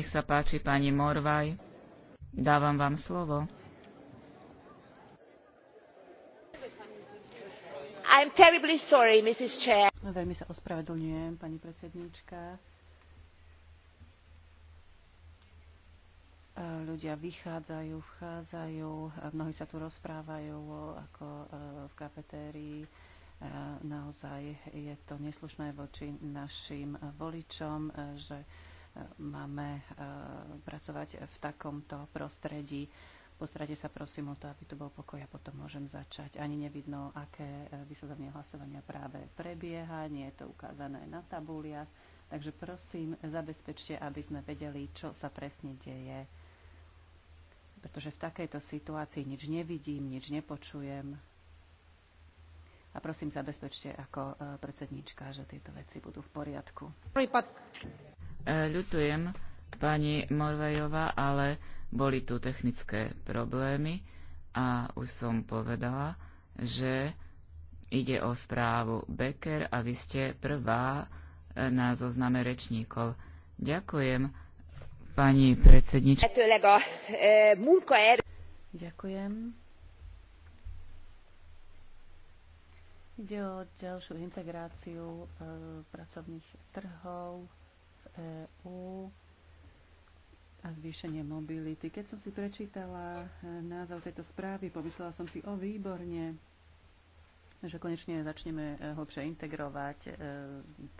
Nech sa páči, pani Morvaj. Dávam vám slovo. I'm terribly sorry, Mrs. Chair. Veľmi sa ospravedlňujem, pani predsedníčka. ľudia vychádzajú, vchádzajú, mnohí sa tu rozprávajú ako e, v kafetérii. E, naozaj je to neslušné voči našim voličom, e, že máme e, pracovať v takomto prostredí. Postrate sa prosím o to, aby tu bol pokoj a potom môžem začať. Ani nevidno, aké e, vysledovne hlasovania práve prebieha, nie je to ukázané na tabuliach. Takže prosím, zabezpečte, aby sme vedeli, čo sa presne deje. Pretože v takejto situácii nič nevidím, nič nepočujem. A prosím, zabezpečte ako e, predsedníčka, že tieto veci budú v poriadku. E, ľutujem, pani Morvajová, ale boli tu technické problémy a už som povedala, že ide o správu Becker a vy ste prvá e, na zozname rečníkov. Ďakujem, pani predsednička. E, Ďakujem. Ide o ďalšiu integráciu pracovných trhov EÚ a zvýšenie mobility. Keď som si prečítala e, názov tejto správy, pomyslela som si, o výborne, že konečne začneme e, hlbšie integrovať e,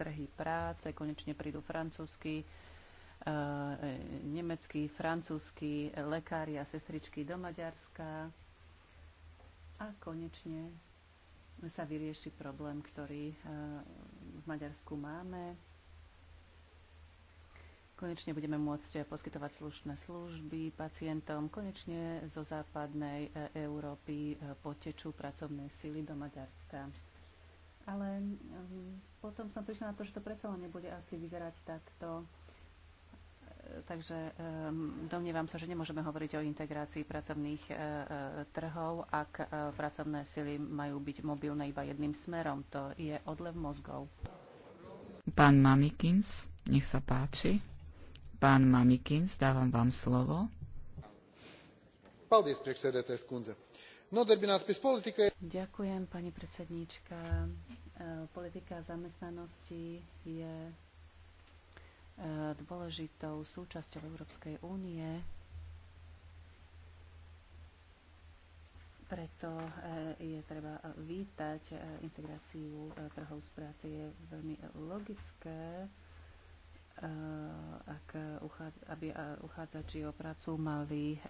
trhy práce, konečne prídu francúzsky, nemeckí, francúzsky lekári a sestričky do Maďarska a konečne sa vyrieši problém, ktorý v Maďarsku máme Konečne budeme môcť poskytovať slušné služby pacientom. Konečne zo západnej e, Európy e, potečú pracovné sily do Maďarska. Ale mm, potom som prišla na to, že to predsa len nebude asi vyzerať takto. E, takže domnievam sa, že nemôžeme hovoriť o integrácii pracovných trhov, ak pracovné sily majú byť mobilné iba jedným smerom. To je odlev mozgov. Pán Mamikins, nech sa páči. Pán Mamikin, dávam vám slovo. Ďakujem, pani predsedníčka. E, politika zamestnanosti je e, dôležitou súčasťou Európskej únie, preto e, je treba vítať integráciu trhov z práce. Je veľmi logické, Eh, aby eh, uchádzači o prácu mali eh,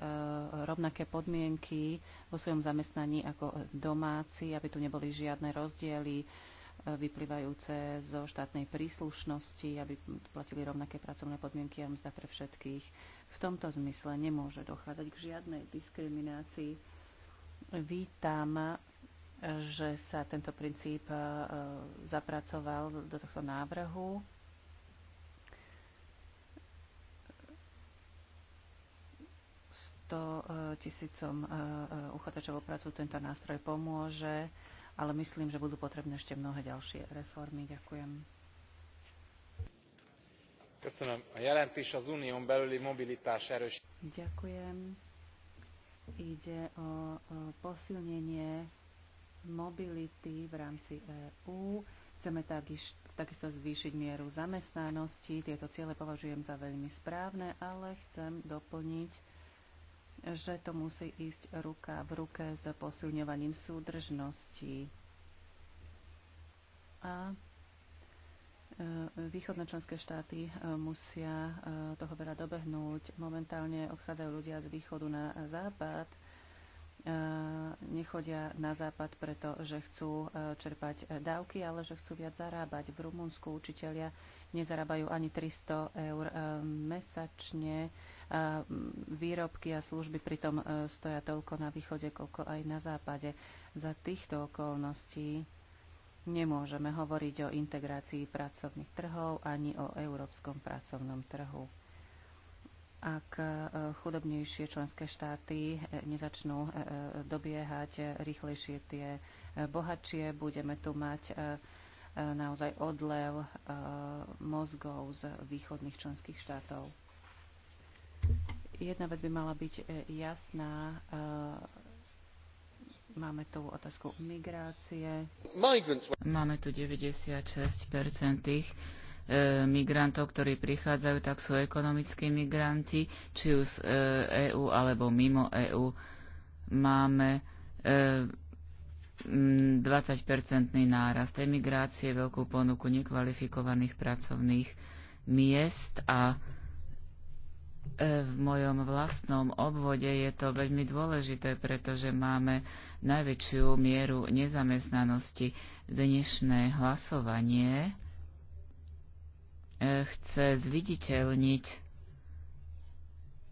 rovnaké podmienky vo svojom zamestnaní ako domáci, aby tu neboli žiadne rozdiely vyplývajúce zo štátnej príslušnosti, aby platili rovnaké pracovné podmienky a mzda pre všetkých. V tomto zmysle nemôže dochádzať k žiadnej diskriminácii. Vítam že sa tento princíp zapracoval do tohto návrhu 100 e, tisícom e, e, uchádzačov o prácu tento nástroj pomôže, ale myslím, že budú potrebné ešte mnohé ďalšie reformy. Ďakujem. A jelentés az unión belüli mobilitás erős. Ďakujem. Ide o, posilnenie mobility v rámci EÚ. Chceme takisto zvýšiť mieru zamestnanosti. Tieto ciele považujem za veľmi správne, ale chcem doplniť že to musí ísť ruka v ruke s posilňovaním súdržnosti. A e, východné členské štáty e, musia e, toho veľa dobehnúť. Momentálne odchádzajú ľudia z východu na západ. Nechodia na západ, pretože chcú čerpať dávky, ale že chcú viac zarábať. V Rumunsku učitelia nezarábajú ani 300 eur eh, mesačne. Eh, výrobky a služby pritom eh, stoja toľko na východe, koľko aj na západe. Za týchto okolností nemôžeme hovoriť o integrácii pracovných trhov ani o európskom pracovnom trhu ak chudobnejšie členské štáty nezačnú dobiehať rýchlejšie tie bohatšie, budeme tu mať naozaj odlev eh, mozgov z východných členských štátov. Jedna vec by mala byť eh, jasná. Eh, máme tu otázku migrácie. Máme tu 96 tých migrantov, ktorí prichádzajú, tak sú ekonomickí migranti, či už z EÚ e alebo mimo EÚ. Máme 20-percentný mm, nárast emigrácie, veľkú ponuku nekvalifikovaných pracovných miest a e, v mojom vlastnom obvode je to veľmi dôležité, pretože máme najväčšiu mieru nezamestnanosti. Dnešné hlasovanie e, chce zviditeľniť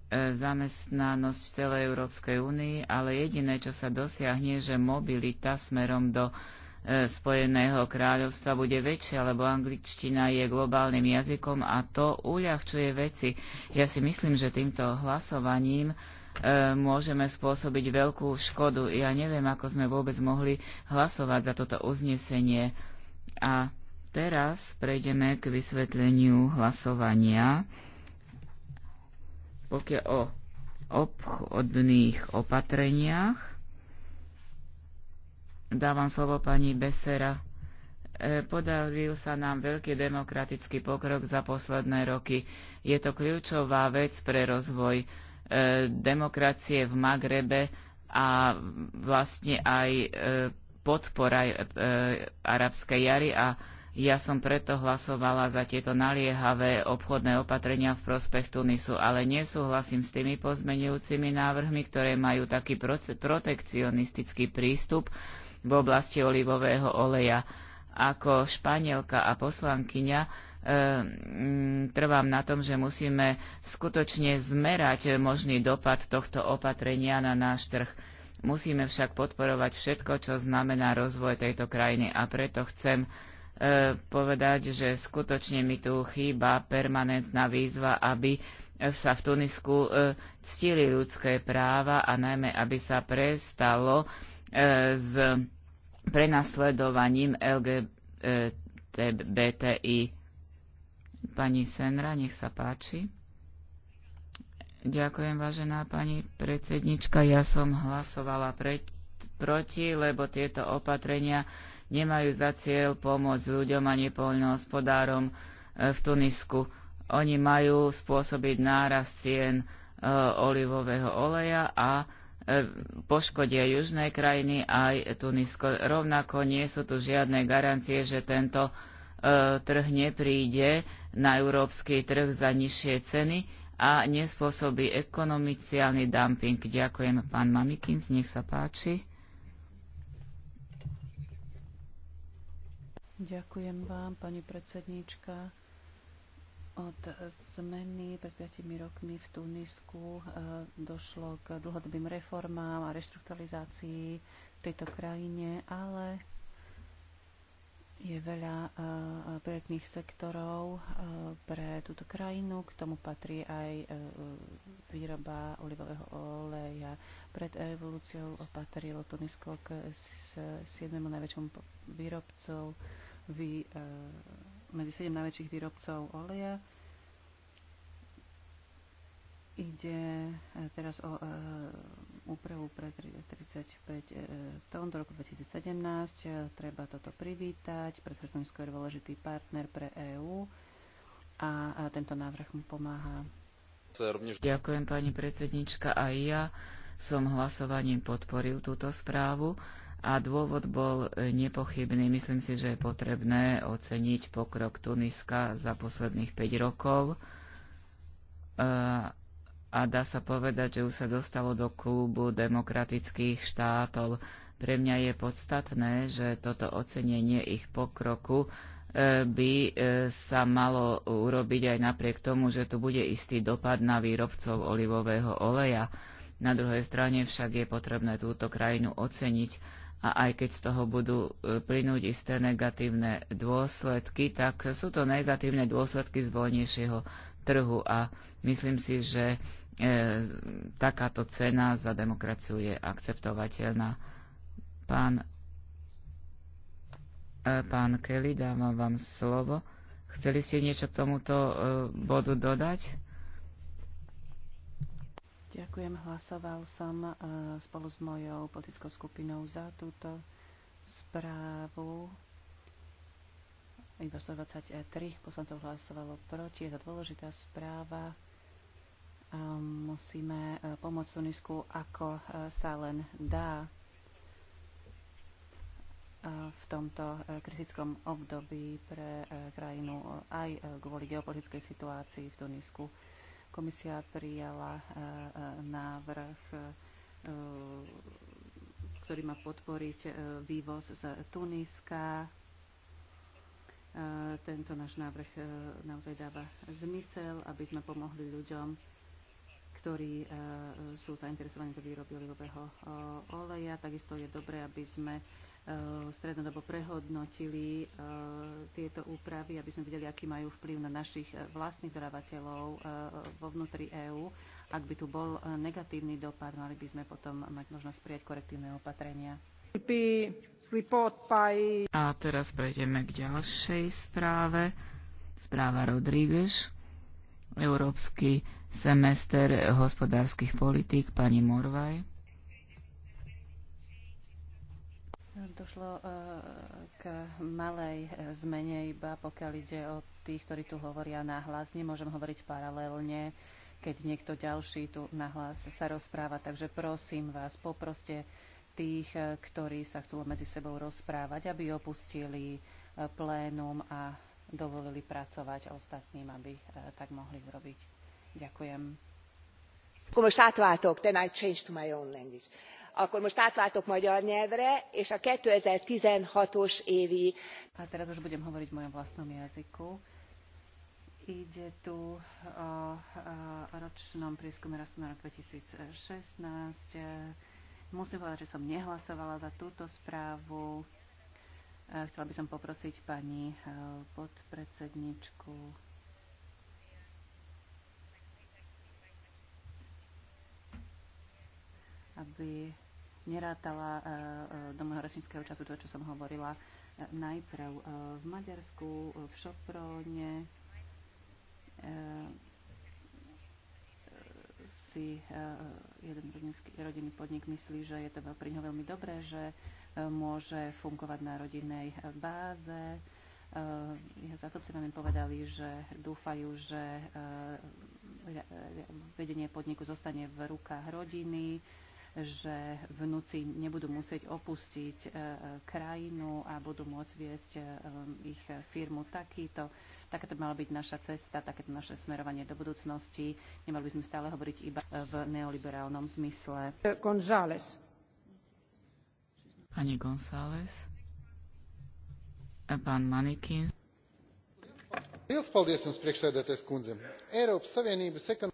E, zamestnanosť v celej Európskej únii, ale jediné, čo sa dosiahne, že mobilita smerom do e, Spojeného kráľovstva bude väčšia, lebo angličtina je globálnym jazykom a to uľahčuje veci. Ja si myslím, že týmto hlasovaním e, môžeme spôsobiť veľkú škodu. Ja neviem, ako sme vôbec mohli hlasovať za toto uznesenie. A teraz prejdeme k vysvetleniu hlasovania pokiaľ o obchodných opatreniach. Dávam slovo pani Besera. E, podaril sa nám veľký demokratický pokrok za posledné roky. Je to kľúčová vec pre rozvoj e, demokracie v Magrebe a vlastne aj e, podpora arabskej jary a ja som preto hlasovala za tieto naliehavé obchodné opatrenia v prospech Tunisu, ale nesúhlasím s tými pozmenujúcimi návrhmi, ktoré majú taký protekcionistický prístup v oblasti olivového oleja. Ako španielka a poslankyňa e, trvám na tom, že musíme skutočne zmerať možný dopad tohto opatrenia na náš trh. Musíme však podporovať všetko, čo znamená rozvoj tejto krajiny a preto chcem povedať, že skutočne mi tu chýba permanentná výzva, aby sa v Tunisku e, ctili ľudské práva a najmä, aby sa prestalo e, s prenasledovaním LGBTI. Pani Senra, nech sa páči. Ďakujem, vážená pani predsednička. Ja som hlasovala pre, proti, lebo tieto opatrenia nemajú za cieľ pomôcť ľuďom ani poľnohospodárom e, v Tunisku. Oni majú spôsobiť nárast cien e, olivového oleja a e, poškodia južné krajiny aj Tunisko. Rovnako nie sú tu žiadne garancie, že tento trh nepríde na európsky trh za nižšie ceny a nespôsobí ekonomiciálny dumping. Ďakujem, pán Mamikins, nech sa páči. Ďakujem vám, pani predsedníčka. Od zmeny pred 5 rokmi v Tunisku eh, došlo k dlhodobým reformám a reštrukturalizácii v tejto krajine, ale je veľa eh, projektných sektorov eh, pre túto krajinu. K tomu patrí aj výroba olivového oleja, pred revolúciou patrilo Tunisko k siedmemu najväčšom výrobcov, vy, e, medzi sedem najväčších výrobcov oleja. Ide e, teraz o e, úpravu pre 35 tón do roku 2017. Treba toto privítať, pretože Tunisko je dôležitý partner pre EÚ a tento návrh mu pomáha Ďakujem pani predsednička. a ja som hlasovaním podporil túto správu a dôvod bol nepochybný. Myslím si, že je potrebné oceniť pokrok Tuniska za posledných 5 rokov a dá sa povedať, že už sa dostalo do klubu demokratických štátov. Pre mňa je podstatné, že toto ocenenie ich pokroku by e, sa malo urobiť aj napriek tomu, že tu bude istý dopad na výrobcov olivového oleja. Na druhej strane však je potrebné túto krajinu oceniť a aj keď z toho budú e, plynúť isté negatívne dôsledky, tak sú to negatívne dôsledky z voľnejšieho trhu a myslím si, že e, takáto cena za demokraciu je akceptovateľná. Pán E, pán Kelly, dávam vám slovo. Chceli ste niečo k tomuto e, bodu dodať? Ďakujem. Hlasoval som e, spolu s mojou politickou skupinou za túto správu. Iba 123 poslancov hlasovalo proti. Je to dôležitá správa. Musíme pomôcť Tunisku, ako sa len dá v tomto e, kritickom období pre e, krajinu aj e, kvôli geopolitickej situácii v Tunisku. Komisia prijala návrh, ktorý má podporiť vývoz z Tuniska. Tento náš návrh naozaj dáva zmysel, aby sme pomohli ľuďom, ktorí sú zainteresovaní do výroby olivového oleja. Takisto je dobré, aby sme Eh, strednodobo prehodnotili eh, tieto úpravy, aby sme videli, aký majú vplyv na našich eh, vlastných dodávateľov vo vnútri EÚ. Ak by tu bol negatívny dopad, mali by sme potom mať možnosť prijať korektívne opatrenia. A teraz prejdeme k ďalšej správe. Správa Rodríguez. Európsky semester hospodárskych politík pani Morvaj. Došlo e, k malej e, zmene iba, pokiaľ ide o tých, ktorí tu hovoria nahlas. Nemôžem hovoriť paralelne, keď niekto ďalší tu nahlas sa rozpráva. Takže prosím vás, poproste tých, e, ktorí sa chcú medzi sebou rozprávať, aby opustili plénum a dovolili pracovať ostatným, aby tak mohli urobiť. Ďakujem. Akkor most ten I change to my own language akkor most átváltok magyar nyelvre és a two thousand and sixteen os évi. teraz už budem hovoriť mojom vlastnom jazyku. Ide tu o, ročnom prieskume rastu na rok 2016. Musím povedať, že som nehlasovala za túto správu. E, chcela by som poprosiť pani e, podpredsedničku aby nerátala eh, eh, do môjho resimského času to, čo som hovorila eh, najprv v Maďarsku, v Šopróne si jeden rodinský, rodinný podnik myslí, že je to pri ňom veľmi dobré, že môže fungovať na rodinnej báze. Jeho zástupci mi povedali, že dúfajú, že vedenie podniku zostane v rukách rodiny, že vnúci nebudú musieť opustiť e, e, krajinu a budú môcť viesť e, ich firmu takýto. Takáto mala byť naša cesta, takéto naše smerovanie do budúcnosti. Nemali by sme stále hovoriť iba v neoliberálnom zmysle. González. Pani González. Pán Manikins.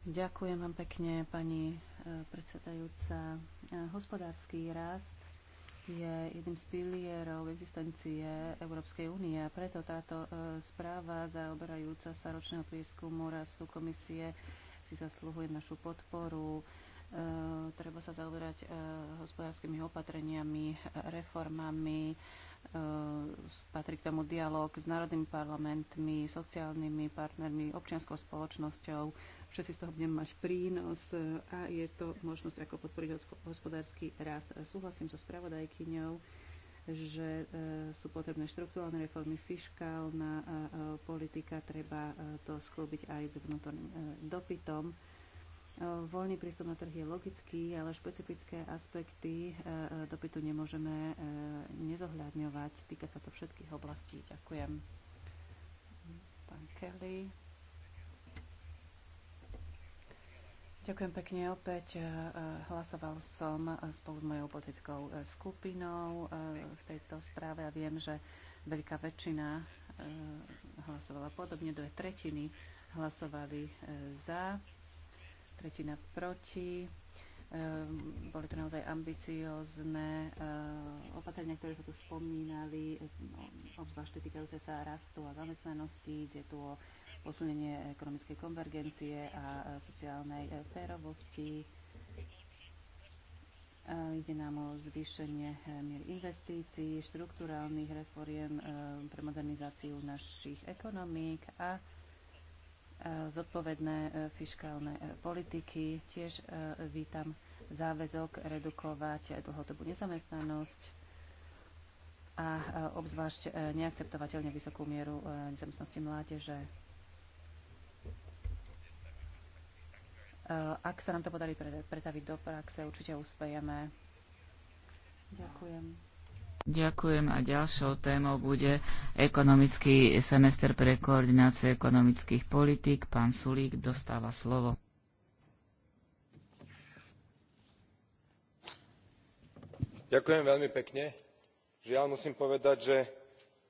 Ďakujem vám pekne, pani predsedajúca. Hospodársky rast je jedným z pilierov existencie Európskej únie a preto táto e, správa zaoberajúca sa ročného prieskumu rastu komisie si zasluhuje našu podporu. E, treba sa zaoberať e, hospodárskymi opatreniami, reformami, patrí k tomu dialog s národnými parlamentmi, sociálnymi partnermi, občianskou spoločnosťou, všetci z toho budeme mať prínos a je to možnosť, ako podporiť hospodársky rast. Súhlasím so spravodajkyňou, že e, sú potrebné štruktúrálne reformy, fiškálna e, e, politika, treba to sklúbiť aj s vnútorným dopytom. Voľný prístup na trh je logický, ale špecifické aspekty dopytu nemôžeme nezohľadňovať. Týka sa to všetkých oblastí. Ďakujem. Pán Kelly. Ďakujem pekne opäť. Eh, eh, hlasoval som eh, spolu s mojou politickou skupinou v tejto správe a viem, že veľká väčšina hlasovala podobne. Dve tretiny hlasovali za, tretina proti. Boli to naozaj ambiciozne opatrenia, ktoré sa tu spomínali, no, obzvlášť týkajúce sa rastu a zamestnanosti. Ide tu o posunenie ekonomickej konvergencie a sociálnej e, férovosti. Ide nám o zvýšenie e, mier investícií, štruktúrálnych reforiem e, pre modernizáciu našich ekonomík a zodpovedné fiskálne politiky. Tiež vítam záväzok redukovať dlhodobú nezamestnanosť a obzvlášť neakceptovateľne vysokú mieru nezamestnanosti mládeže. Eh, ak sa nám to podarí pretaviť do praxe, určite uspejeme. Ďakujem. Ďakujem a ďalšou témou bude ekonomický semester pre koordináciu ekonomických politík. Pán Sulík dostáva slovo. Ďakujem veľmi pekne. Žiaľ musím povedať, že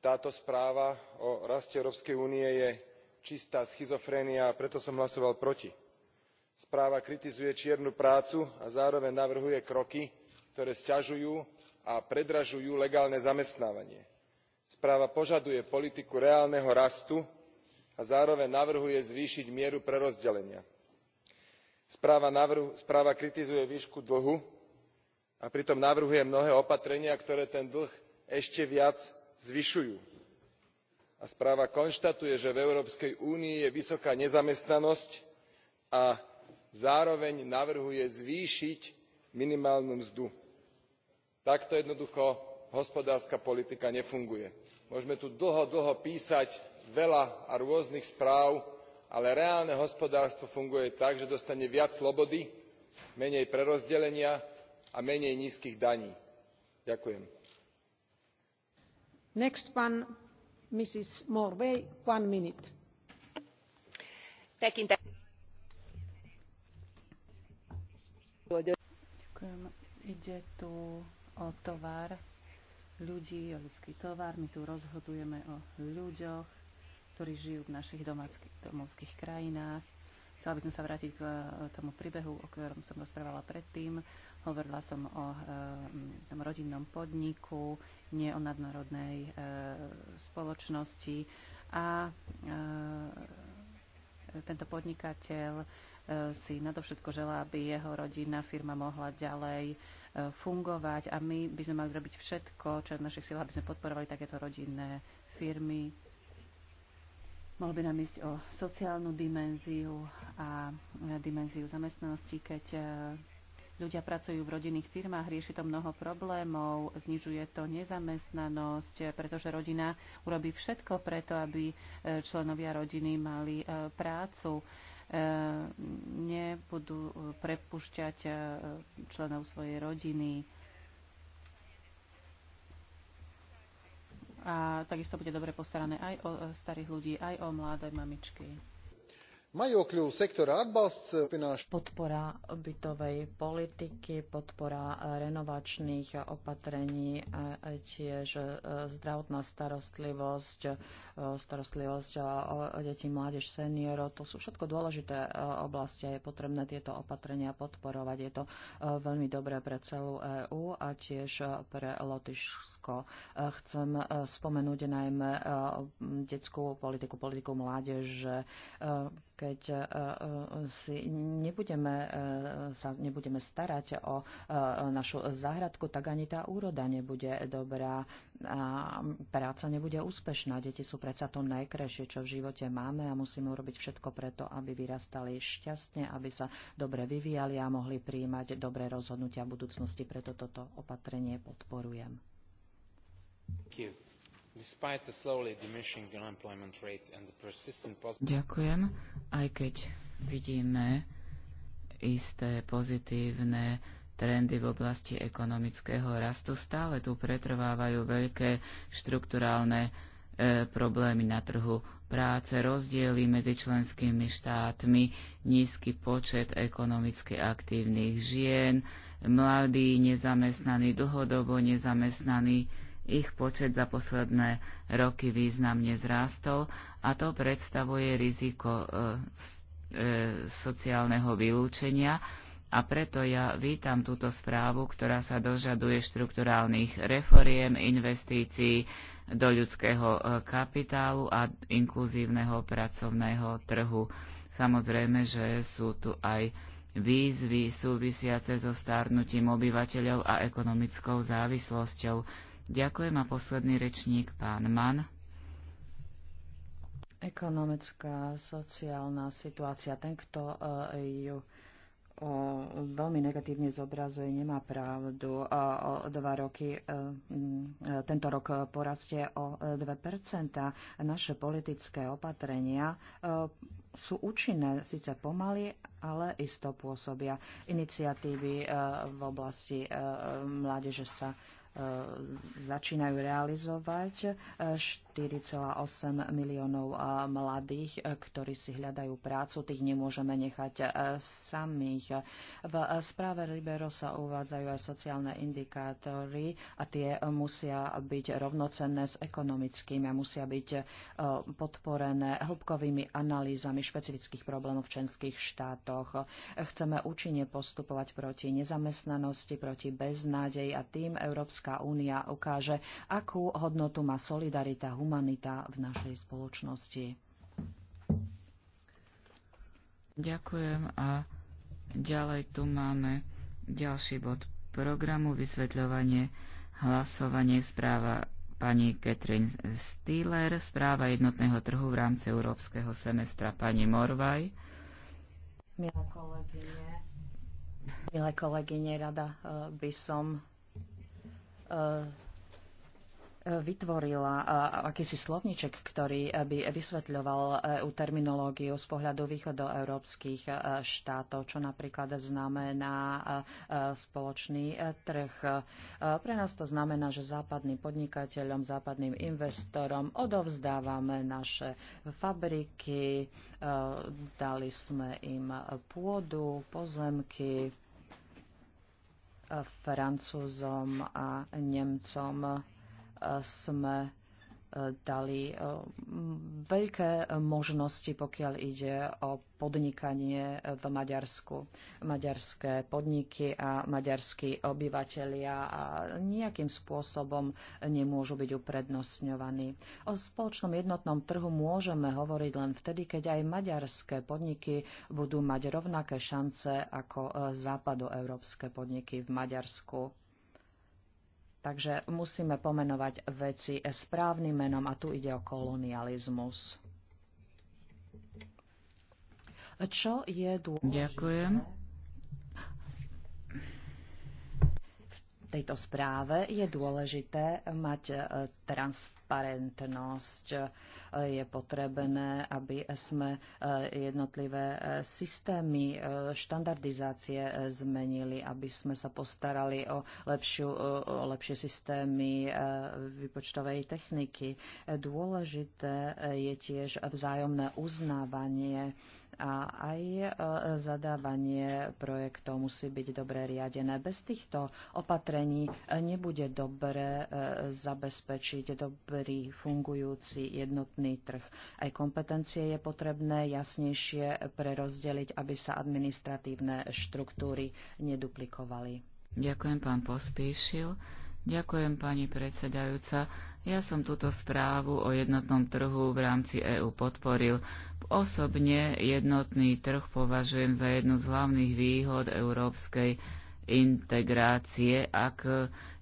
táto správa o raste Európskej únie je čistá schizofrénia a preto som hlasoval proti správa kritizuje čiernu prácu a zároveň navrhuje kroky ktoré sťažujú a predražujú legálne zamestnávanie. správa požaduje politiku reálneho rastu a zároveň navrhuje zvýšiť mieru prerozdelenia. správa kritizuje výšku dlhu a pritom navrhuje mnohé opatrenia ktoré ten dlh ešte viac zvyšujú. a správa konštatuje že v európskej únii je vysoká nezamestnanosť a zároveň navrhuje zvýšiť minimálnu mzdu. takto jednoducho hospodárska politika nefunguje. môžeme tu dlho dlho písať veľa a rôznych správ ale reálne hospodárstvo funguje tak že dostane viac slobody menej prerozdelenia a menej nízkych daní. ďakujem. Ďakujem. Ide tu o tovar ľudí, o ľudský tovar. My tu rozhodujeme o ľuďoch, ktorí žijú v našich domovských krajinách. Chcela by som sa vrátiť k eh, tomu príbehu, o ktorom som rozprávala predtým. Hovorila som o e, tom rodinnom podniku, nie o nadnárodnej e, spoločnosti. A e, tento podnikateľ e, si nadovšetko želá, aby jeho rodinná firma mohla ďalej e, fungovať a my by sme mali robiť všetko, čo je v našich silách, aby sme podporovali takéto rodinné firmy. Mohlo by nám ísť o sociálnu dimenziu a e, dimenziu zamestnanosti, keď e, ľudia pracujú v rodinných firmách, rieši to mnoho problémov, znižuje to nezamestnanosť, pretože rodina urobí všetko preto, aby členovia rodiny mali prácu E, nebudú e, prepušťať e, členov svojej rodiny. A takisto bude dobre postarané aj o starých ľudí, aj o mladé mamičky. Majokļu sektora atbalsts eh, Podpora bytovej politiky, podpora eh, renovačných opatrení, eh, tiež zdravotná starostlivosť, starostlivosť o deti, mládež, seniorov. To sú všetko dôležité oblasti a je potrebné tieto opatrenia podporovať. Je to veľmi dobré pre celú EÚ a tiež pre Lotyšsko. Chcem spomenúť najmä detskú politiku, politiku mládeže, keď e, e, si nebudeme, e, sa nebudeme starať o našu záhradku, tak ani tá úroda nebude dobrá a práca nebude úspešná. Deti sú predsa to najkrajšie, čo v živote máme a musíme urobiť všetko preto, aby vyrastali šťastne, aby sa dobre vyvíjali a mohli príjmať dobré rozhodnutia v budúcnosti. Preto toto opatrenie podporujem. Thank you. Ďakujem. Aj keď vidíme isté pozitívne trendy v oblasti ekonomického rastu, stále tu pretrvávajú veľké štrukturálne e, problémy na trhu práce, rozdiely medzi členskými štátmi, nízky počet ekonomicky aktívnych žien, mladí, nezamestnaní, dlhodobo nezamestnaní ich počet za posledné roky významne zrástol a to predstavuje riziko e, e, sociálneho vylúčenia a preto ja vítam túto správu, ktorá sa dožaduje štrukturálnych reforiem, investícií do ľudského e, kapitálu a inkluzívneho pracovného trhu. Samozrejme, že sú tu aj výzvy súvisiace so stárnutím obyvateľov a ekonomickou závislosťou. Ďakujem a posledný rečník pán Mann. Ekonomická, sociálna situácia. Ten, kto e, ju veľmi negatívne zobrazuje, nemá pravdu. O dva roky, e, e, tento rok porastie o 2 Naše politické opatrenia sú účinné, síce pomaly, ale isto pôsobia. Iniciatívy v oblasti mládeže sa E, začínajú realizovať 4,8 e, miliónov e, mladých, ktorí si hľadajú prácu, tých nemôžeme nechať samých. V správe Libero sa uvádzajú aj sociálne indikátory a tie musia byť rovnocenné s ekonomickými a musia byť podporené hĺbkovými analýzami špecifických problémov v členských štátoch. Chceme účinne postupovať proti nezamestnanosti, proti beznádeji a tým Európska Európska únia ukáže, akú hodnotu má solidarita, humanita v našej spoločnosti. Ďakujem a ďalej tu máme ďalší bod programu vysvetľovanie hlasovanie správa pani Katrin Stiller, správa jednotného trhu v rámci európskeho semestra pani Morvaj. Milé kolegyne, milé kolegyne, rada eh, by som E, e, vytvorila e, akýsi slovníček, ktorý by vysvetľoval EU terminológiu z pohľadu východoeurópskych štátov, čo napríklad znamená spoločný trh. Pre nás to znamená, že západným podnikateľom, západným investorom odovzdávame naše fabriky, dali sme im pôdu, pozemky, Francúzom a Nemcom e, sme dali eh, veľké možnosti, pokiaľ ide o podnikanie v Maďarsku. Maďarské podniky a maďarskí obyvateľia nejakým spôsobom nemôžu byť uprednostňovaní. O spoločnom jednotnom trhu môžeme hovoriť len vtedy, keď aj maďarské podniky budú mať rovnaké šance ako eh, západoeurópske podniky v Maďarsku. Takže musíme pomenovať veci správnym menom a tu ide o kolonializmus. Čo je dôležité? Ďakujem. tejto správe je dôležité mať e, transparentnosť. E, je potrebné, aby sme e, jednotlivé systémy štandardizácie zmenili, aby sme sa postarali o, lepšiu, o lepšie systémy vypočtovej techniky. Dôležité je tiež vzájomné uznávanie a aj e, zadávanie projektov musí byť dobre riadené. Bez týchto opatrení e, nebude dobre e, zabezpečiť dobrý fungujúci jednotný trh. Aj kompetencie je potrebné jasnejšie prerozdeliť, aby sa administratívne štruktúry neduplikovali. Ďakujem, pán Pospíšil. Ďakujem, pani predsedajúca. Ja som túto správu o jednotnom trhu v rámci EÚ podporil. Osobne jednotný trh považujem za jednu z hlavných výhod európskej integrácie, ak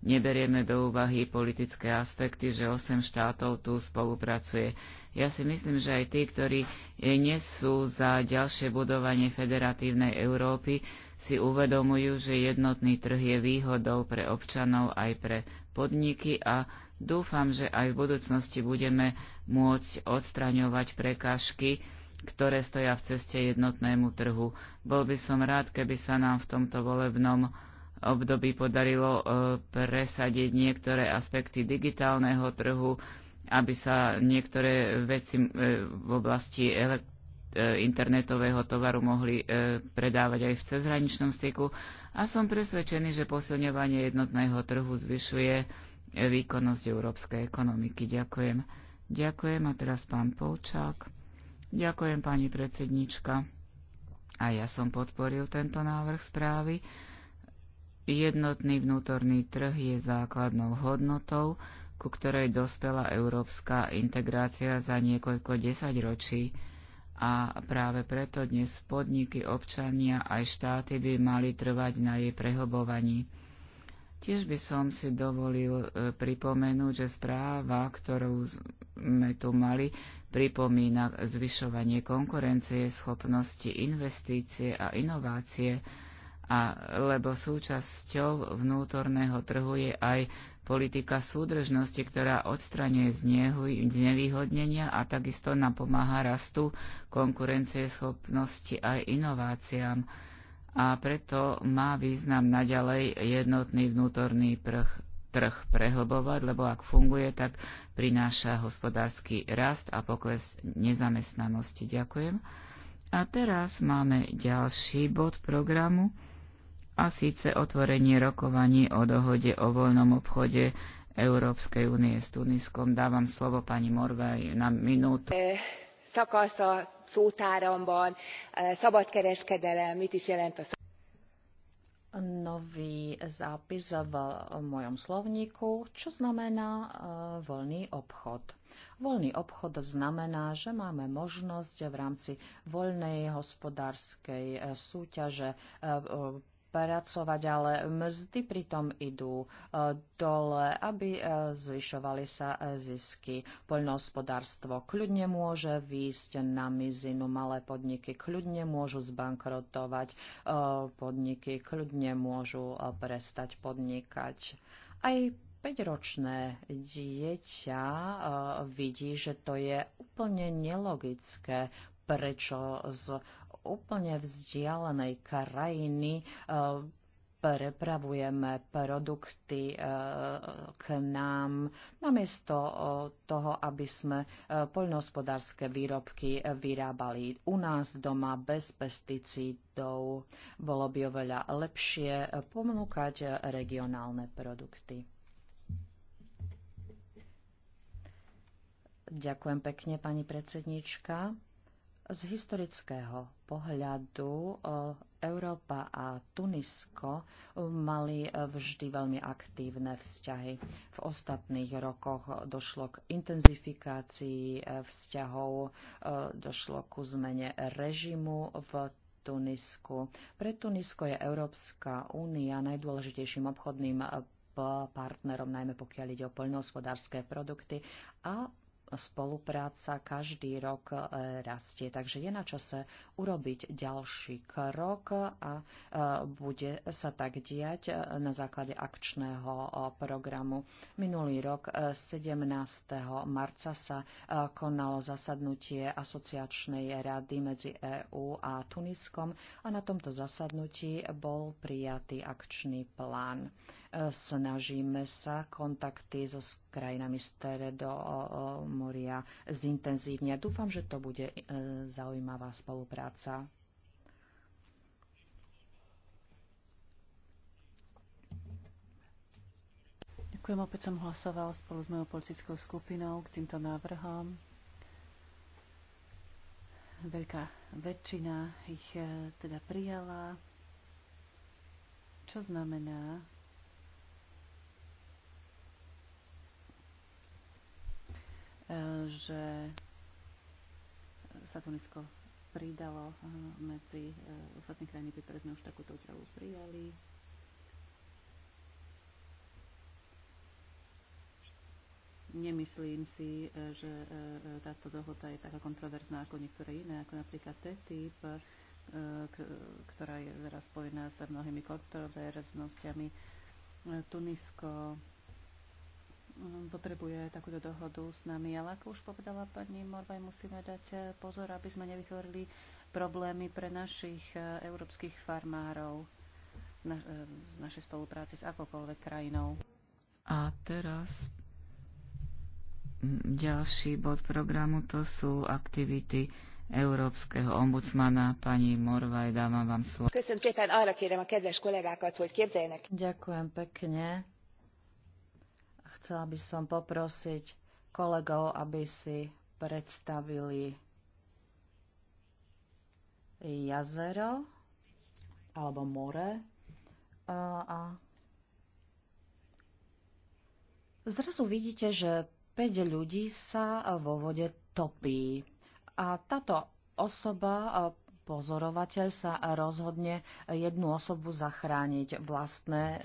neberieme do úvahy politické aspekty, že 8 štátov tu spolupracuje. Ja si myslím, že aj tí, ktorí nie sú za ďalšie budovanie federatívnej Európy, si uvedomujú, že jednotný trh je výhodou pre občanov aj pre podniky a dúfam, že aj v budúcnosti budeme môcť odstraňovať prekážky, ktoré stoja v ceste jednotnému trhu. Bol by som rád, keby sa nám v tomto volebnom období podarilo e, presadiť niektoré aspekty digitálneho trhu, aby sa niektoré veci e, v oblasti e, internetového tovaru mohli predávať aj v cezhraničnom styku. A som presvedčený, že posilňovanie jednotného trhu zvyšuje výkonnosť európskej ekonomiky. Ďakujem. Ďakujem a teraz pán Polčák. Ďakujem, pani predsednička. A ja som podporil tento návrh správy. Jednotný vnútorný trh je základnou hodnotou, ku ktorej dospela európska integrácia za niekoľko desaťročí. A práve preto dnes podniky, občania aj štáty by mali trvať na jej prehobovaní. Tiež by som si dovolil e, pripomenúť, že správa, ktorú sme tu mali, pripomína zvyšovanie konkurencie, schopnosti investície a inovácie, a lebo súčasťou vnútorného trhu je aj politika súdržnosti, ktorá odstraňuje znevýhodnenia a takisto napomáha rastu konkurencie schopnosti aj inováciám a preto má význam naďalej jednotný vnútorný prch, trh prehlbovať, lebo ak funguje, tak prináša hospodársky rast a pokles nezamestnanosti. Ďakujem. A teraz máme ďalší bod programu a síce otvorenie rokovaní o dohode o voľnom obchode Európskej únie s Tuniskom. Dávam slovo pani Morvaj na minútu. E szakasz a szótáramban eh, szabadkereskedelem mit is jelent a nový zápis v mojom slovníku, čo znamená eh, voľný obchod. Voľný obchod znamená, že máme možnosť v rámci voľnej hospodárskej eh, súťaže pracovať, ale mzdy pritom idú e, dole, aby e, zvyšovali sa e, zisky. Poľnohospodárstvo kľudne môže výjsť na mizinu, malé podniky kľudne môžu zbankrotovať, podniky kľudne môžu prestať podnikať. Aj 5-ročné dieťa vidí, že to je úplne nelogické, prečo z úplne vzdialenej krajiny e, prepravujeme produkty e, k nám, namiesto e, toho, aby sme poľnohospodárske výrobky vyrábali u nás doma bez pesticídov. Bolo by oveľa lepšie ponúkať regionálne produkty. Ďakujem pekne, pani predsednička. Z historického pohľadu e, Európa a Tunisko e, mali e, vždy veľmi aktívne vzťahy. V ostatných rokoch došlo k intenzifikácii vzťahov, došlo ku zmene režimu v Tunisku. Pre Tunisko je Európska únia najdôležitejším obchodným partnerom, najmä pokiaľ ide o poľnohospodárske produkty a spolupráca každý rok e, rastie. Takže je na čase urobiť ďalší krok a e, bude sa tak diať e, na základe akčného programu. Minulý rok 17. marca sa konalo zasadnutie asociačnej rady medzi EÚ a Tuniskom a na tomto zasadnutí bol prijatý akčný plán. Snažíme sa kontakty so krajinami do moria zintenzívne. Dúfam, že to bude e, zaujímavá spolupráca. Ďakujem, opäť som hlasoval spolu s mojou politickou skupinou k týmto návrhom. Veľká väčšina ich e, teda prijala, čo znamená, E, že sa Tunisko pridalo e, medzi e, ostatné krajiny, ktoré sme už takúto úpravu prijali. Nemyslím si, že táto dohoda je taká kontroverzná ako niektoré iné, ako napríklad TTIP, ktorá je teraz spojená sa mnohými kontroverznosťami. Tunisko Mm, potrebuje takúto dohodu s nami. Ale ako už povedala pani Morvaj, musíme dať eh, pozor, aby sme nevytvorili problémy pre našich eh, európskych farmárov na, eh, v našej spolupráci s akokoľvek krajinou. A teraz mm, ďalší bod programu to sú aktivity európskeho ombudsmana. Pani Morvaj, dávam vám slovo. Ďakujem pekne Chcela by som poprosiť kolegov, aby si predstavili jazero alebo more a, a zrazu vidíte, že 5 ľudí sa vo vode topí a táto osoba pozorovateľ sa rozhodne jednu osobu zachrániť vlastné e,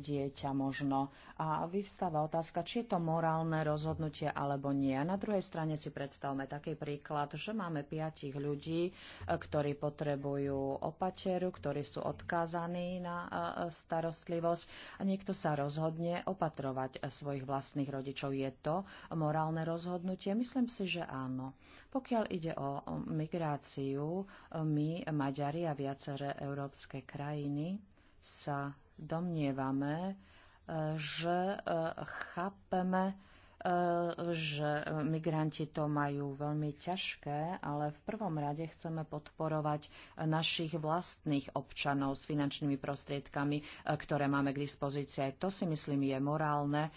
dieťa možno. A vyvstáva otázka, či je to morálne rozhodnutie alebo nie. Na druhej strane si predstavme taký príklad, že máme piatich ľudí, e, ktorí potrebujú opateru, ktorí sú odkázaní na e, starostlivosť a niekto sa rozhodne opatrovať svojich vlastných rodičov. Je to morálne rozhodnutie? Myslím si, že áno. Pokiaľ ide o migráciu, my, Maďari a viaceré európske krajiny, sa domnievame, e, že e, chápeme, e, že migranti to majú veľmi ťažké, ale v prvom rade chceme podporovať našich vlastných občanov s finančnými prostriedkami, ktoré máme k dispozícii. to si myslím je morálne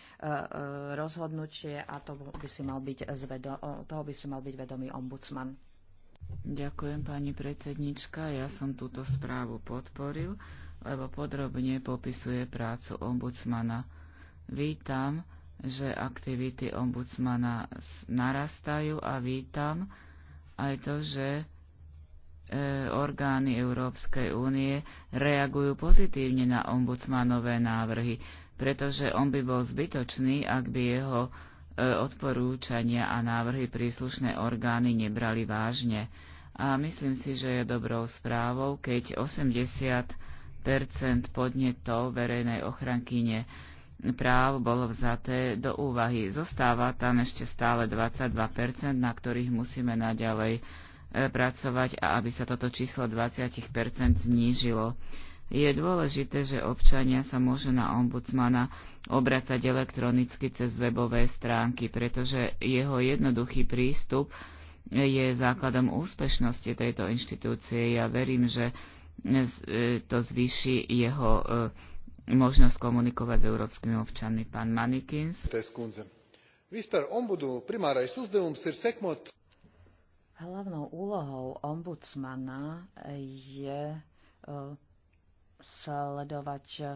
rozhodnutie a to by si mal byť zvedo- toho by si mal byť vedomý ombudsman. Ďakujem, pani predsednička. Ja som túto správu podporil, lebo podrobne popisuje prácu ombudsmana. Vítam, že aktivity ombudsmana narastajú a vítam aj to, že e, orgány Európskej únie reagujú pozitívne na ombudsmanové návrhy, pretože on by bol zbytočný, ak by jeho E, odporúčania a návrhy príslušné orgány nebrali vážne. A myslím si, že je dobrou správou, keď 80 podnetov verejnej ochrankyne práv bolo vzaté do úvahy. Zostáva tam ešte stále 22 na ktorých musíme naďalej e, pracovať a aby sa toto číslo 20 znížilo. Je dôležité, že občania sa môžu na ombudsmana obracať elektronicky cez webové stránky, pretože jeho jednoduchý prístup je základom úspešnosti tejto inštitúcie. Ja verím, že e, to zvýši jeho e, možnosť komunikovať s európskymi občanmi. Pán Manikins. Hlavnou úlohou ombudsmana je e, sledovať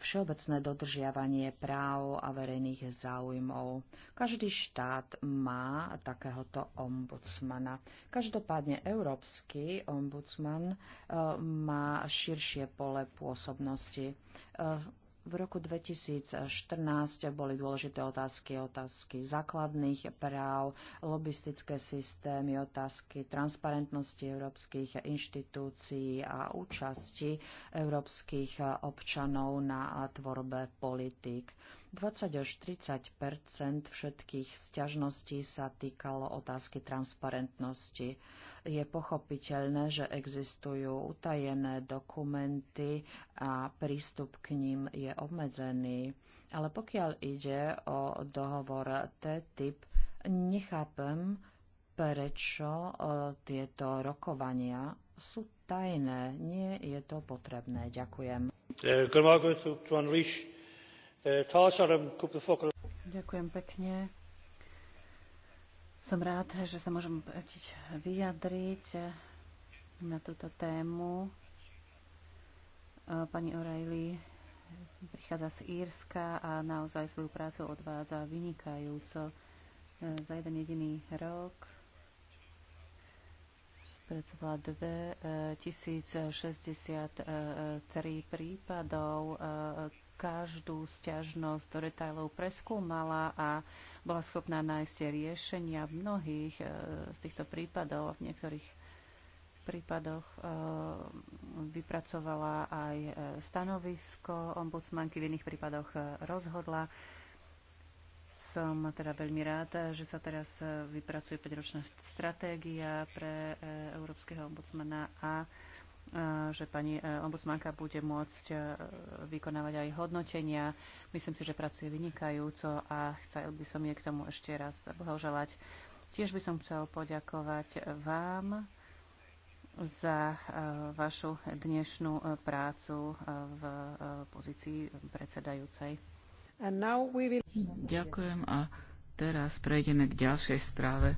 všeobecné dodržiavanie práv a verejných záujmov. Každý štát má takéhoto ombudsmana. Každopádne európsky ombudsman eh, má širšie pole pôsobnosti eh, v roku 2014 boli dôležité otázky, otázky základných práv, lobistické systémy, otázky transparentnosti európskych inštitúcií a účasti európskych občanov na tvorbe politik. 20 až 30 všetkých sťažností sa týkalo otázky transparentnosti. Je pochopiteľné, že existujú utajené dokumenty a prístup k ním je obmedzený. Ale pokiaľ ide o dohovor T typ, nechápem, prečo e, tieto rokovania sú tajné. Nie je to potrebné. Ďakujem. E, Ďakujem. Ďakujem pekne. Som rád, že sa môžem vyjadriť na túto tému. Pani O'Reilly prichádza z Írska a naozaj svoju prácu odvádza vynikajúco za jeden jediný rok spracová 2063 eh, eh, prípadov eh, každú sťažnosť do detajlov preskúmala a bola schopná nájsť riešenia v mnohých e, z týchto prípadov a v niektorých prípadoch e, vypracovala aj e, stanovisko ombudsmanky, v iných prípadoch rozhodla. Som teda veľmi rád, že sa teraz vypracuje 5-ročná stratégia pre európskeho ombudsmana a že pani e, ombudsmanka bude môcť e, vykonávať aj hodnotenia. Myslím si, že pracuje vynikajúco a chcel by som jej k tomu ešte raz blahoželať. Tiež by som chcel poďakovať vám za e, vašu dnešnú prácu v pozícii predsedajúcej. Will... Ďakujem a teraz prejdeme k ďalšej správe.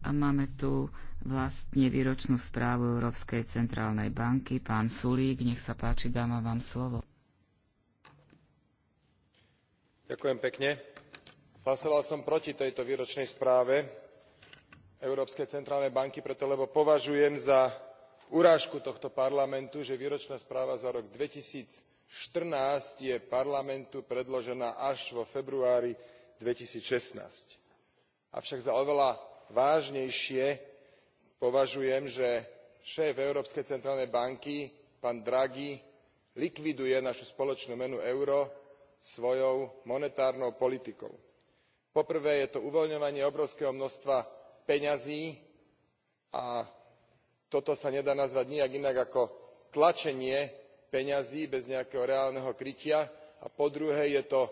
A máme tu vlastne výročnú správu Európskej centrálnej banky. Pán Sulík, nech sa páči, dáma vám slovo. Ďakujem pekne. Hlasoval som proti tejto výročnej správe Európskej centrálnej banky, preto lebo považujem za urážku tohto parlamentu, že výročná správa za rok 2014 je parlamentu predložená až vo februári 2016 avšak za oveľa vážnejšie považujem že šéf európskej centrálnej banky pán draghi likviduje našu spoločnú menu euro svojou monetárnou politikou. po prvé je to uvoľňovanie obrovského množstva peňazí a toto sa nedá nazvať nijak inak ako tlačenie peňazí bez nejakého reálneho krytia a po druhé je to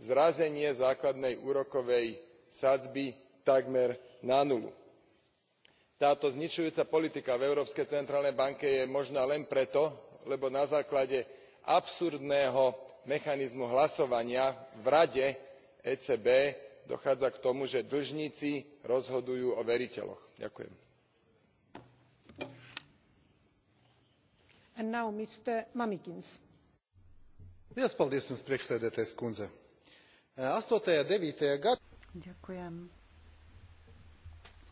zrazenie základnej úrokovej sadzby takmer na nulu. táto zničujúca politika v európskej centrálnej banke je možná len preto lebo na základe absurdného mechanizmu hlasovania v rade ecb dochádza k tomu že dlžníci rozhodujú o veriteľoch. ďakujem. Ďakujem.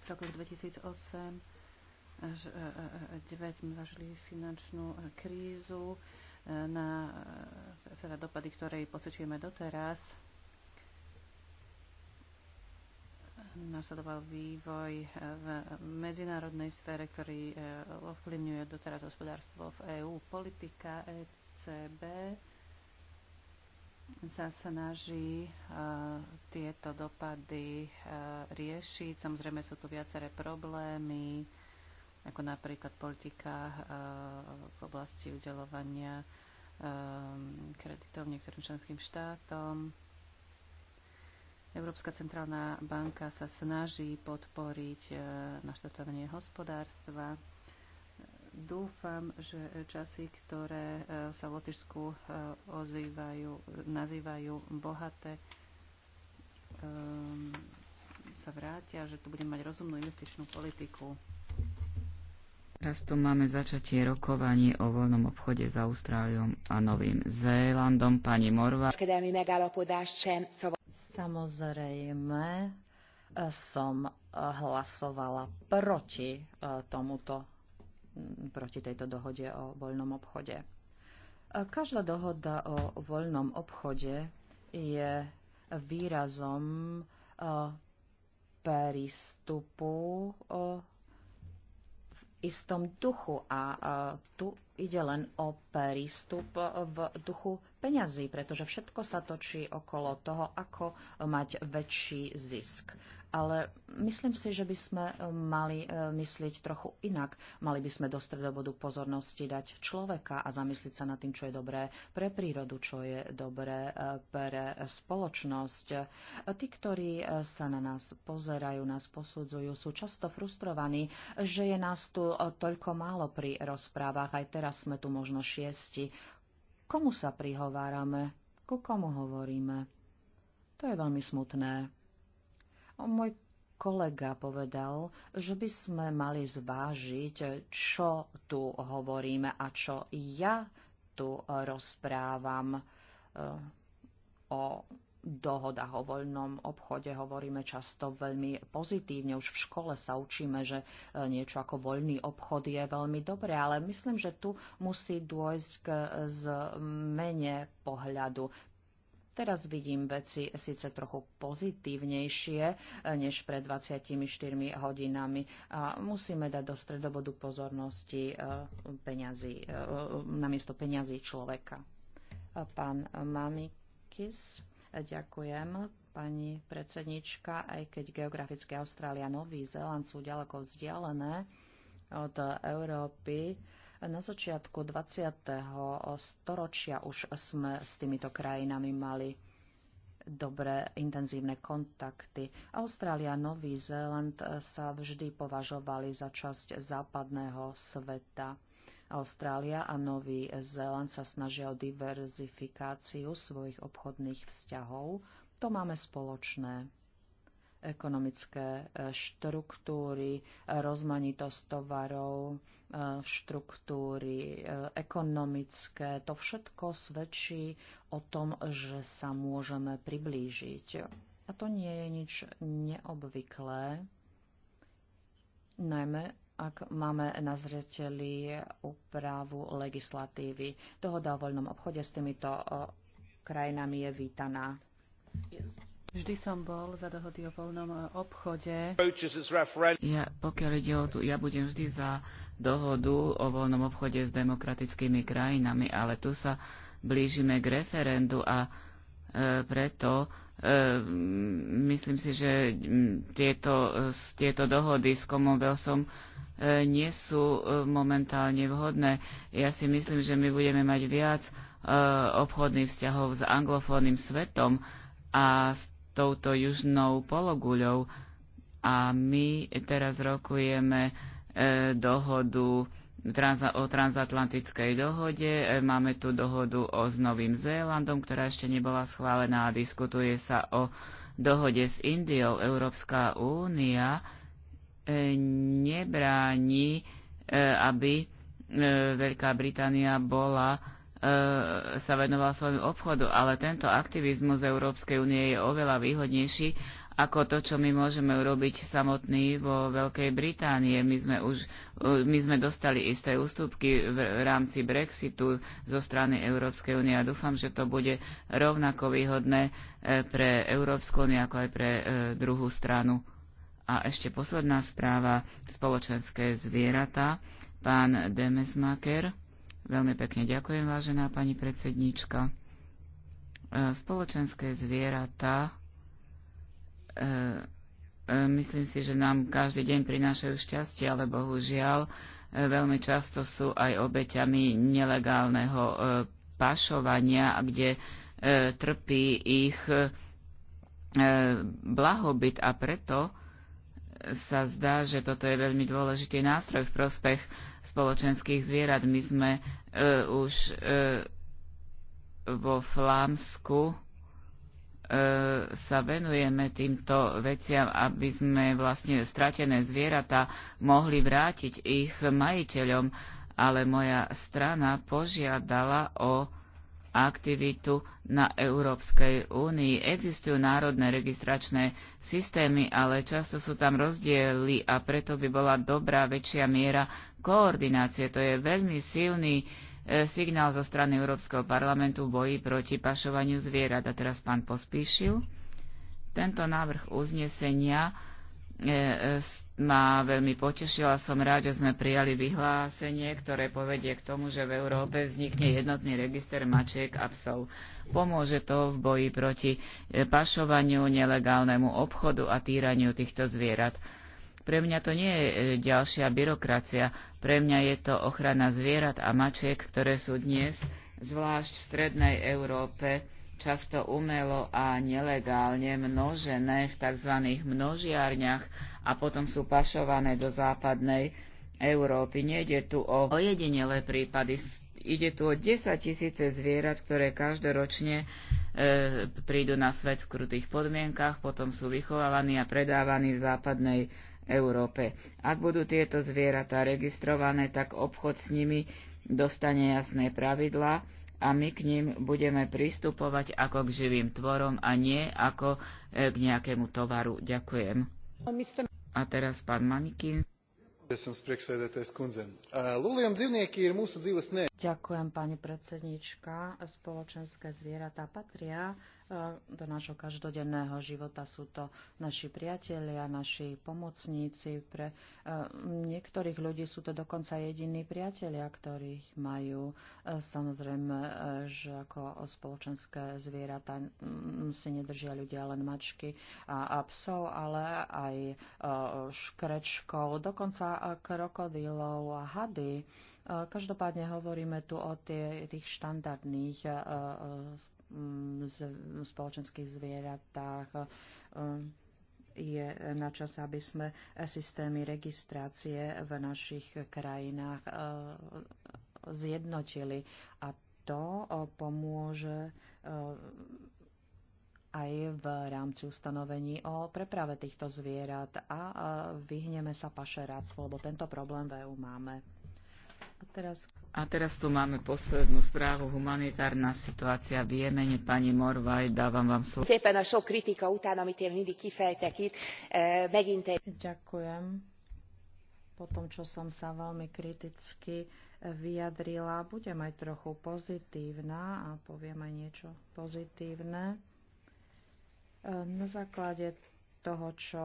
V roku 2008 až 2009 e, e, e, sme zažili finančnú krízu na teda dopady, ktoré pociťujeme doteraz. Nasledoval vývoj v medzinárodnej sfére, ktorý ovplyvňuje doteraz hospodárstvo v EÚ. Politika ECB sa snaží e, tieto dopady e, riešiť. Samozrejme sú tu viaceré problémy, ako napríklad politika e, v oblasti udelovania kreditov niektorým členským štátom. Európska centrálna banka sa snaží podporiť naštartovanie hospodárstva. Dúfam, že časy, ktoré e, sa v Lotyšsku e, ozývajú, nazývajú bohaté, ehm, sa vrátia, že tu budeme mať rozumnú investičnú politiku. Teraz tu máme začatie rokovanie o voľnom obchode s Austráliou a Novým Zélandom. Pani Morva. Samozrejme e, som hlasovala proti tomuto proti tejto dohode o voľnom obchode. Každá dohoda o voľnom obchode je výrazom prístupu v istom duchu a tu ide len o prístup v duchu peňazí, pretože všetko sa točí okolo toho, ako mať väčší zisk ale myslím si, že by sme e, mali e, myslieť trochu inak. Mali by sme do stredobodu pozornosti dať človeka a zamysliť sa nad tým, čo je dobré pre prírodu, čo je dobré e, pre spoločnosť. Tí, ktorí sa na nás pozerajú, nás posudzujú, sú často frustrovaní, že je nás tu toľko málo pri rozprávach. Aj teraz sme tu možno šiesti. Komu sa prihovárame? Ku komu hovoríme? To je veľmi smutné. Môj kolega povedal, že by sme mali zvážiť, čo tu hovoríme a čo ja tu rozprávam e, o dohodách o voľnom obchode hovoríme často veľmi pozitívne. Už v škole sa učíme, že e, niečo ako voľný obchod je veľmi dobré, ale myslím, že tu musí dôjsť k zmene pohľadu Teraz vidím veci síce trochu pozitívnejšie eh, než pred 24 hodinami. A musíme dať do stredobodu pozornosti eh, peňazí, eh, namiesto peňazí človeka. Pán Mamikis, ďakujem pani predsednička, aj keď geografické Austrália a Nový Zéland sú ďaleko vzdialené od Európy, na začiatku 20. storočia už sme s týmito krajinami mali dobré intenzívne kontakty. Austrália a Nový Zéland sa vždy považovali za časť západného sveta. Austrália a Nový Zéland sa snažia o diverzifikáciu svojich obchodných vzťahov. To máme spoločné ekonomické e, štruktúry, e, rozmanitosť tovarov, e, štruktúry ekonomické. To všetko svedčí o tom, že sa môžeme priblížiť. A to nie je nič neobvyklé, najmä ak máme na zreteli úpravu legislatívy. Dohoda o voľnom obchode s týmito krajinami je vítaná. Yes. Vždy som bol za dohody o voľnom e, obchode. Ja, pokiaľ ide o tu, ja budem vždy za dohodu o voľnom obchode s demokratickými krajinami, ale tu sa blížime k referendu a e, preto e, myslím si, že tieto, tieto dohody s Commonwealthom e, nie sú e, momentálne vhodné. Ja si myslím, že my budeme mať viac obchodných vzťahov s anglofónnym svetom a s touto južnou pologuľou. A my teraz rokujeme e, dohodu transa, o transatlantickej dohode. E, máme tu dohodu o, s Novým Zélandom, ktorá ešte nebola schválená a diskutuje sa o dohode s Indiou. Európska únia e, nebráni, e, aby e, Veľká Británia bola E, sa venoval svojmu obchodu, ale tento aktivizmus Európskej únie je oveľa výhodnejší ako to, čo my môžeme urobiť samotný vo Veľkej Británie. My sme, už, my sme dostali isté ústupky v rámci Brexitu zo strany Európskej únie a dúfam, že to bude rovnako výhodné e, pre Európsku úniu ako aj pre e, druhú stranu. A ešte posledná správa spoločenské zvieratá. Pán Demesmaker Veľmi pekne ďakujem, vážená pani predsedníčka. E, spoločenské zvieratá, e, e, myslím si, že nám každý deň prinášajú šťastie, ale bohužiaľ veľmi často sú aj obeťami nelegálneho pašovania, kde trpí ich blahobyt a preto sa zdá, že toto je veľmi dôležitý nástroj v prospech spoločenských zvierat. My sme e, už e, vo Flámsku e, sa venujeme týmto veciam, aby sme vlastne stratené zvieratá mohli vrátiť ich majiteľom, ale moja strana požiadala o aktivitu na Európskej únii. Existujú národné registračné systémy, ale často sú tam rozdiely a preto by bola dobrá väčšia miera koordinácie. To je veľmi silný e, signál zo strany Európskeho parlamentu v boji proti pašovaniu zvierat. A teraz pán pospíšil. Tento návrh uznesenia E, e, ma veľmi potešila. Som rád, že sme prijali vyhlásenie, ktoré povedie k tomu, že v Európe vznikne jednotný register mačiek a psov. Pomôže to v boji proti e, pašovaniu, nelegálnemu obchodu a týraniu týchto zvierat. Pre mňa to nie je ďalšia byrokracia, pre mňa je to ochrana zvierat a mačiek, ktoré sú dnes, zvlášť v strednej Európe, často umelo a nelegálne množené v tzv. množiarniach a potom sú pašované do západnej Európy. Nejde tu o ojedinelé prípady, ide tu o 10 tisíce zvierat, ktoré každoročne e, prídu na svet v krutých podmienkach, potom sú vychovávaní a predávaní v západnej Európe. Ak budú tieto zvieratá registrované, tak obchod s nimi dostane jasné pravidlá, a my k ním budeme pristupovať ako k živým tvorom a nie ako e, k nejakému tovaru. Ďakujem. A teraz pán Manikin. Ďakujem, pani predsednička. Spoločenské zvieratá patria do nášho každodenného života. Sú to naši priatelia, naši pomocníci. Pre e, niektorých ľudí sú to dokonca jediní priatelia, ktorých majú. E, samozrejme, e, že ako spoločenské zvieratá si nedržia ľudia len mačky a psov, ale aj škrečkov, dokonca krokodílov a hady. Každopádne hovoríme tu o tých štandardných v mm, spoločenských zvieratách. E, je na čas, aby sme systémy registrácie v našich krajinách e, zjednotili a to e, pomôže aj v rámci ustanovení o preprave týchto zvierat a vyhneme sa pašeráctvu, lebo tento problém v EU máme. A teraz, a teraz tu máme poslednú správu. Humanitárna situácia v Jemene. Pani Morvaj, dávam vám slovo. Szépen a sok kritika után, amit én mindig kifejtek itt, e, megint egy... Ďakujem. Po tom, čo som sa veľmi kriticky vyjadrila, budem aj trochu pozitívna a poviem aj niečo pozitívne. E, na základe toho, čo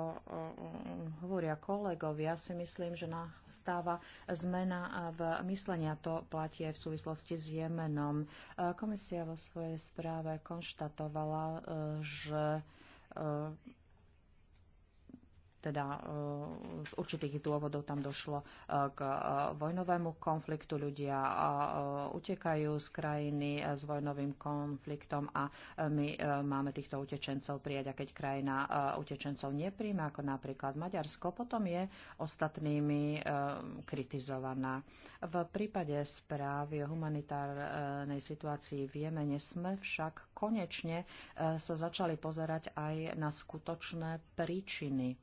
hovoria kolegovia, si myslím, že nastáva zmena v myslení a to platí aj v súvislosti s Jemenom. E, komisia vo svojej správe konštatovala, e, že e, teda e, z určitých dôvodov tam došlo e, k e, vojnovému konfliktu. Ľudia utekajú z krajiny s vojnovým konfliktom a my máme týchto utečencov prijať. A keď krajina utečencov nepríjme, ako napríklad Maďarsko, potom je ostatnými kritizovaná. V prípade správy o humanitárnej situácii v Jemene sme však konečne sa začali pozerať aj na skutočné príčiny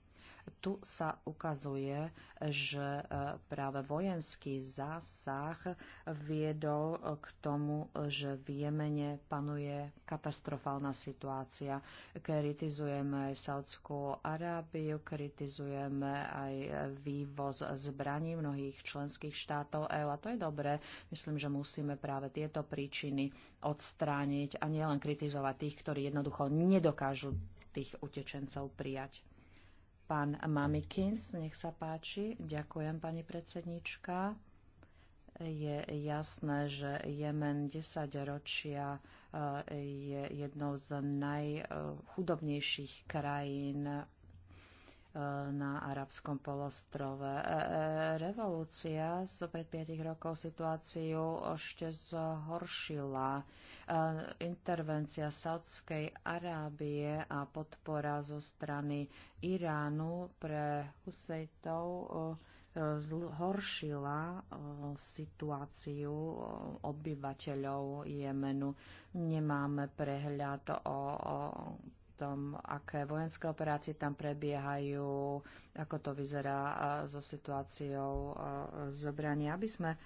tu sa ukazuje, že e, práve vojenský zásah viedol e, k tomu, že v Jemene panuje katastrofálna situácia. Kritizujeme aj Saudskú Arábiu, kritizujeme aj e, vývoz zbraní mnohých členských štátov EÚ a to je dobré. Myslím, že musíme práve tieto príčiny odstrániť a nielen kritizovať tých, ktorí jednoducho nedokážu tých utečencov prijať. Pán Mamikins, nech sa páči. Ďakujem, pani predsednička. Je jasné, že Jemen 10 ročia eh, je jednou z najchudobnejších krajín na arabskom polostrove. E, e, revolúcia z pred 5 rokov situáciu ešte zhoršila. E, intervencia Saudskej Arábie a podpora zo strany Iránu pre Husejtov zhoršila situáciu obyvateľov Jemenu. Nemáme prehľad o tom, aké vojenské operácie tam prebiehajú, ako to vyzerá e, so situáciou e, zobrania. Aby sme e,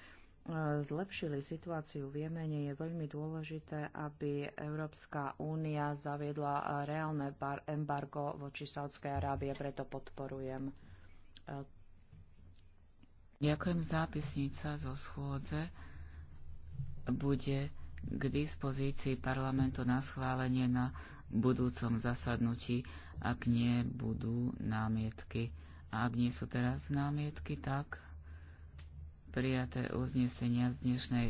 zlepšili situáciu v Jemene, je veľmi dôležité, aby Európska únia zaviedla reálne embargo voči Saudskej Arábie, preto podporujem. Ďakujem. Zápisnica zo schôdze bude k dispozícii parlamentu na schválenie na budúcom zasadnutí, ak nie budú námietky. A ak nie sú teraz námietky, tak prijaté uznesenia z dnešnej